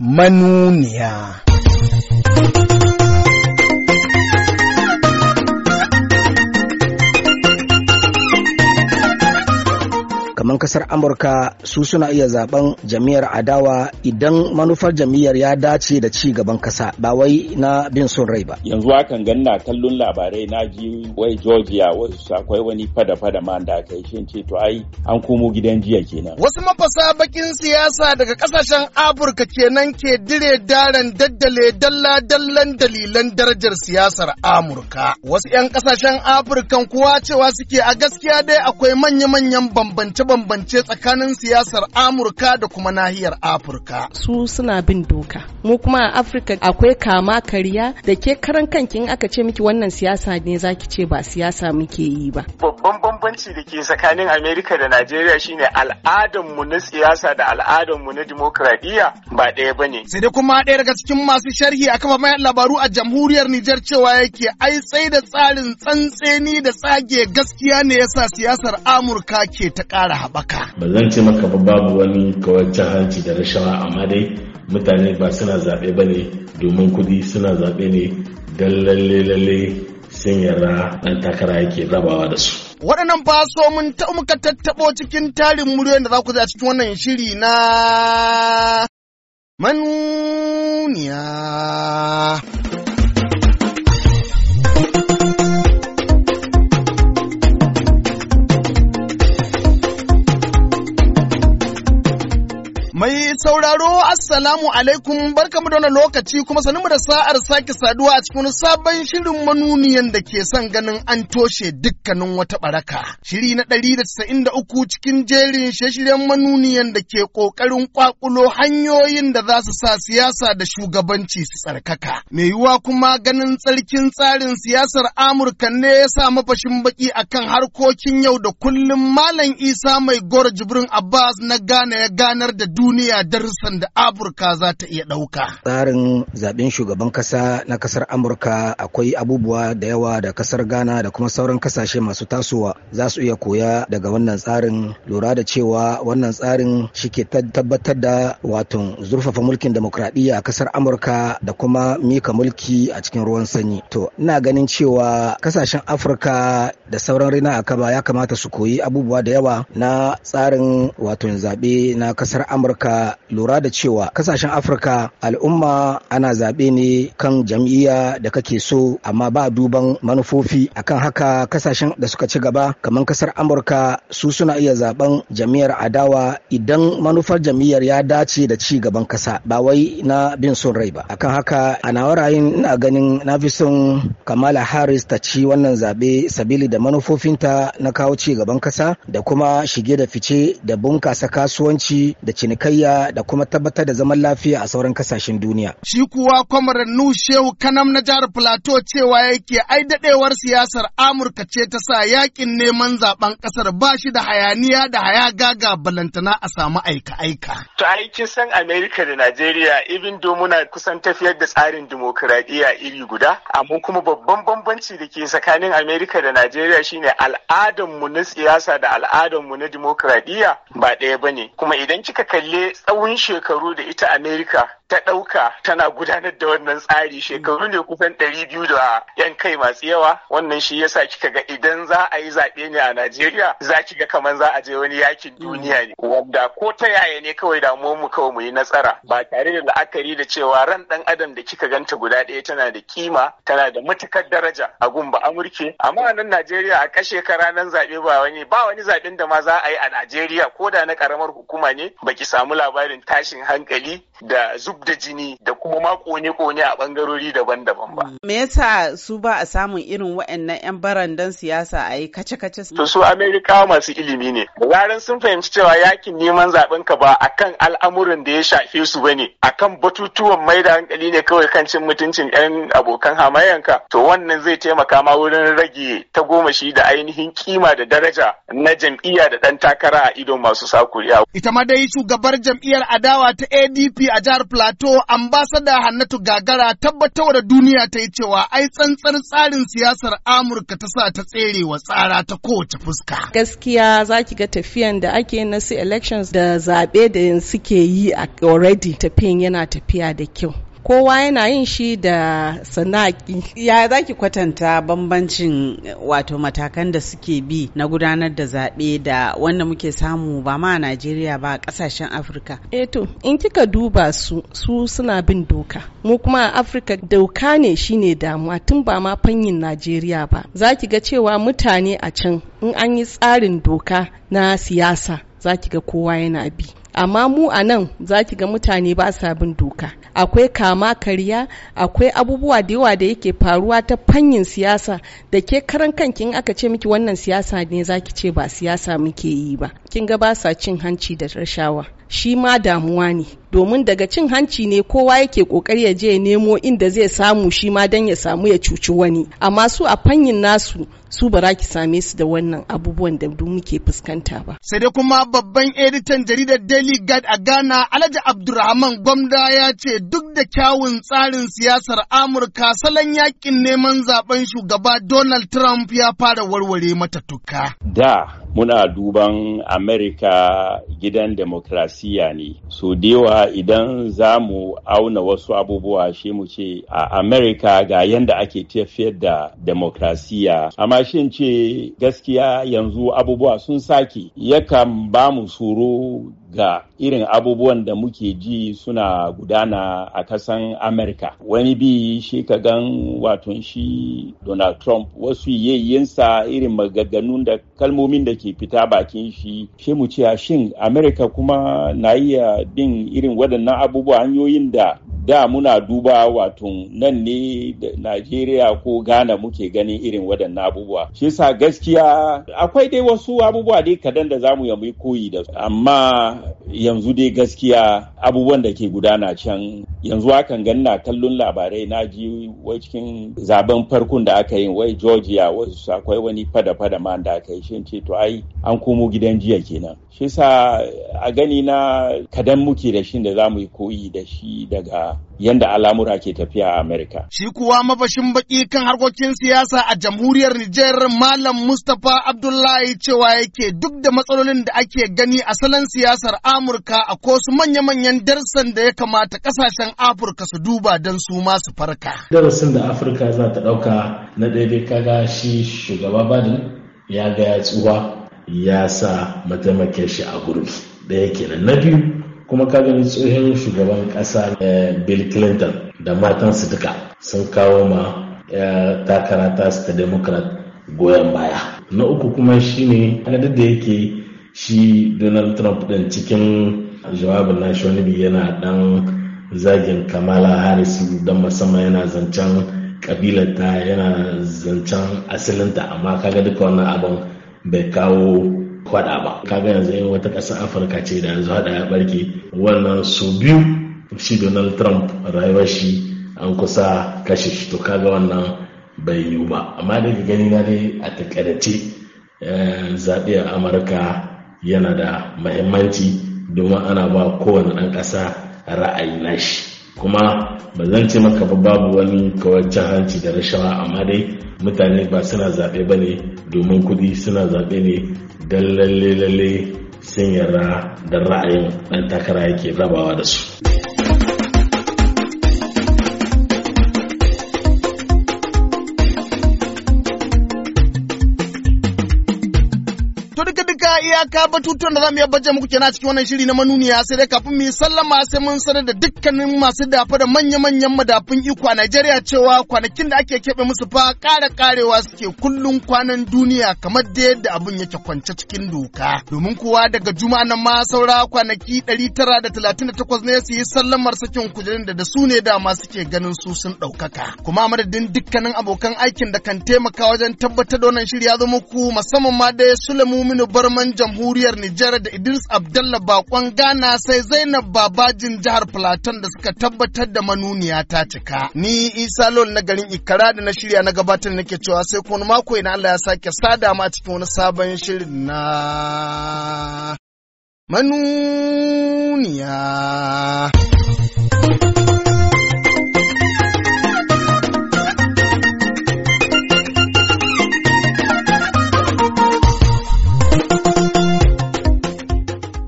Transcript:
manuniya. kamar kasar amurka su suna iya zaben jami'ar adawa idan manufar jami'ar ya dace da ci gaban kasa ba wai na bin son rai ba yanzu hakan ganna kallon labarai na ji wai georgia wasu akwai wani fada fada ma da aka yi shin ce to ai an komo gidan jiya kenan wasu mafasa bakin siyasa daga kasashen afirka kenan ke dire daren daddale dalla dallan dalilan darajar siyasar amurka wasu 'yan kasashen afirkan kuwa cewa suke a gaskiya dai akwai manya-manyan bambance bambance tsakanin siyasar Amurka da kuma nahiyar Afirka. Su suna bin doka. Mu kuma a Afirka akwai kama kariya da ke karan kanki in aka ce miki wannan siyasa ne zaki ce ba siyasa muke yi ba. Babban bambanci da ke tsakanin Amerika da Najeriya shine mu na siyasa da mu na dimokuraɗiyya ba ɗaya bane. Sai dai kuma ɗaya daga cikin masu sharhi a kafafen labaru a jamhuriyar Nijar cewa yake ai sai da tsarin tsantseni da tsage gaskiya ne yasa siyasar Amurka ke ta ƙara haɓaka. Ba zan ce maka ba babu wani kawai hanci da rashawa amma dai mutane ba suna zaɓe ba ne domin kuɗi suna zaɓe ne don lalle lalle sun yara ɗan takara yake rabawa da su. waɗannan faso mun taɓa muka tattaɓo cikin tarin muryoyin da za ku a cikin wannan shiri na manuniya. sauraro assalamu alaikum barkamu da wannan lokaci kuma sanin mu da sa'ar sake saduwa a cikin sabon shirin manuniyan da ke son ganin an toshe dukkanin wata baraka. Shiri na ɗari da da uku cikin jerin shirin manuniyan da ke ƙoƙarin kwakulo hanyoyin da za su sa siyasa da shugabanci su tsarkaka. Me yiwuwa kuma ganin tsarkin tsarin siyasar Amurka ne ya sa mafashin baki akan harkokin yau da kullum Malam Isa mai Gora Jibrin Abbas na gane ya ganar da duniya da darussan da Afirka za ta iya ɗauka. Tsarin zaɓen shugaban ƙasa na ƙasar Amurka akwai abubuwa da yawa da ƙasar Ghana da kuma sauran ƙasashe masu tasowa za su iya koya daga wannan tsarin lura da cewa wannan tsarin shi ke tabbatar da wato zurfafa mulkin demokradiyya a ƙasar Amurka da kuma mika mulki a cikin ruwan sanyi. To, ina ganin cewa ƙasashen Afirka da sauran rina a kaba ya kamata su koyi abubuwa da yawa na tsarin wato zaɓe na ƙasar Amurka lura da cewa kasashen afirka al'umma ana zaɓe ne kan jam'iyya da kake so amma ba duban manufofi akan haka kasashen da suka ci gaba kamar kasar amurka su suna iya zaben jam'iyyar adawa idan manufar jam'iyyar ya dace da ci gaban kasa ba wai na bin son rai ba akan haka ana warayin ina ganin na fi son kamala harris ta ci wannan zaɓe sabili da manufofinta na kawo ci gaban kasa da kuma shige da fice da bunkasa kasuwanci da cinikayya da da kuma tabbatar da zaman lafiya a sauran kasashen duniya. Shi kuwa kwamarar Nu Shehu Kanam na jihar Plateau cewa yake ai dadewar siyasar Amurka ce ta sa yakin neman zaben kasar ba shi da hayaniya da gaga balantana a samu aika-aika. To aikin san Amerika da Najeriya ibin muna kusan tafiyar da tsarin dimokuraɗiyya iri guda amma kuma babban bambanci da ke tsakanin Amerika da Najeriya shine al'adanmu na siyasa da al'adanmu na dimokuraɗiyya ba ɗaya bane kuma idan kika kalle tsawon tsawon shekaru da ita Amerika ta ɗauka tana gudanar da wannan tsari shekaru ne kusan ɗari biyu da yan kai masu yawa wannan shi yasa kika ga idan za a yi zaɓe ne a Najeriya za ki ga kamar za a je wani yakin duniya ne wanda ko ta yaya ne kawai da mu kawai mu yi nasara ba tare da la'akari da cewa ran ɗan adam da kika ganta guda ɗaya tana da kima tana da matukar daraja a Gumba ba Amurke amma nan Najeriya a kashe shekara nan zaɓe ba wani ba wani zaɓen da ma za a yi a Najeriya ko da na ƙaramar hukuma ne baki samu labarin tashin hankali da zub da jini da kuma ma kone-kone a bangarori daban-daban ba. Me yasa su ba a samun irin waɗannan 'yan barandan siyasa a yi kace-kace? To su Amerika masu ilimi ne. Zaran sun fahimci cewa yakin neman zaben ka ba akan al'amuran da ya shafe su ba bane, akan batutuwan mai da hankali ne kawai kan cin mutuncin 'yan abokan hamayanka. To wannan zai taimaka ma wurin rage ta tagomashi da ainihin kima da daraja na jam'iyya da ɗan takara a idon masu sakuriya. Ita ma dai shugabar jam'iyyar adawa ta ADP a jihar Plateau wato ambasada Hannatu Gagara tabbatar da duniya ta yi cewa ai tsantsar tsarin siyasar Amurka ta sa ta tsere wa tsara ta kowace fuska. Gaskiya za ki ga tafiyan da ake na su elections da zaɓe da suke yi already tafiyan yana tafiya da kyau. kowa yana yin shi da sanaki ya za ki kwatanta bambancin wato matakan da suke bi na gudanar da zaɓe da wanda muke samu ba ma a najeriya ba a ƙasashen afirka eto eh in kika duba su su suna bin doka mu kuma a afirka doka ne shine damuwa tun ba ma fanyin najeriya ba za ki ga cewa mutane a can in an yi tsarin doka na siyasa za ki ga kowa yana bi amma mu a nan za ki ga mutane ba sa bin doka akwai kama karya akwai abubuwa da yawa da yake faruwa ta fanyin siyasa da ke karan kanki in aka ce miki wannan siyasa ne za ki ce ba siyasa muke yi ba kin ga ba sa cin hanci da rashawa shi ma damuwa ne domin daga cin hanci ne kowa yake kokari ya je ya nemo inda zai samu shi ma dan ya samu ya cuci wani amma su a fanyin nasu su ba ki same su da wannan abubuwan da muke fuskanta ba sai dai kuma babban editan jaridar Daily Guide a Ghana, Alhaji Abdulrahman Gwamda ya ce duk da kyawun tsarin siyasar Amurka salon yakin neman zaben shugaba Donald Trump ya fara warware mata tuka. Da muna duban amerika gidan demokrasiya ne so dewa idan za mu auna wasu abubuwa shi mu ce a amerika ga yanda ake tafiyar da demokrasiya amma shin ce gaskiya yanzu abubuwa sun sake yakan ba mu tsoro ga irin abubuwan da muke ji suna gudana a kasan amerika wani bi shi ka gan waton shi donald trump wasu yayyinsa irin maganganun da kalmomin da ke fita bakin shi shi mu ce ah, shin america kuma na iya bin irin waɗannan abubuwa hanyoyin da da muna duba wato nan ne Najeriya ko Ghana muke ganin irin waɗannan abubuwa. Shi sa gaskiya akwai dai wasu abubuwa dai kadan da zamu ya yi koyi da su. Amma yanzu dai gaskiya abubuwan da ke gudana can yanzu akan gani na kallon labarai na ji wai cikin zaben farkon da aka yi wai Georgia wasu akwai wani fada-fada ma da aka yi shin ce to ai yi an komo gidan jiya kenan shi sa a gani na kadan muke da shi da za mu yi koyi da shi daga yanda al'amura ke tafiya a Amerika. Shi kuwa mafashin baki kan harkokin siyasa a jamhuriyar Nijar Malam Mustapha Abdullahi cewa yake duk da matsalolin da ake gani a salon siyasar Amurka a kosu manya-manyan darsan da ya kamata kasashen Afirka su duba don su masu farka. Darasin da Afirka za ta ɗauka na daidai kaga shi shugaba badin ya ga ya tsuwa ya sa mataimakin shi a da yake kenan na biyu kuma kaga gani tsohon shugaban ƙasa eh, bill clinton da matansa duka sun kawo ma eh, takara ta ta democrat goyon baya na uku kuma shine adadin da yake shi donald trump din cikin jawabin nashi wani yana dan zagin kamala harris don musamman yana zancen kabilarta yana zancen asalinta amma kaga duka wannan abin bai kawo kwada ba kaga yanzu yin wata ƙasar afirka ce da yanzu hada ya barke wannan su biyu shi donald trump rayuwar shi an kusa kashe shi to kaga wannan bai yiwu ba amma daga gani na dai a takarace eh, zaɓe a amurka yana da mahimmanci domin ana ba kowane ɗan ƙasa ra'ayi nashi kuma ba zan ce maka ba babu wani kawai hanci da rashawa amma dai mutane ba suna zaɓe ba ne domin kuɗi suna zaɓe ne don lalle-lalle sun yarda da ra'ayin ɗan takara yake rabawa da su. iyaka batutuwan da za mu iya baje muku kenan cikin wannan shiri na manuniya sai dai kafin mu yi sallama sai mun sanar da dukkanin masu dafa da manya-manyan madafun iko a Najeriya cewa kwanakin da ake keɓe musu fa ƙara ƙarewa suke kullum kwanan duniya kamar da yadda abin yake kwance cikin doka. Domin kuwa daga juma'a nan ma saura kwanaki 938 ne su yi sallamar sakin kujerun da da su ne dama suke ganin su sun ɗaukaka. Kuma madadin dukkanin abokan aikin da kan taimaka wajen tabbatar da wannan shiri ya zo muku musamman ma dai Sulemu Minu Barman jamhuriyar Nijar da Idris Abdalla bakon Ghana sai Zainab Babajin jihar Platon da suka tabbatar da manuniya ta cika. Ni Isa Lol na garin Ikara da na shirya na gabatar nake cewa sai kuma mako idan Allah ya sake sada mu cikin wani sabon shirin na manuniya.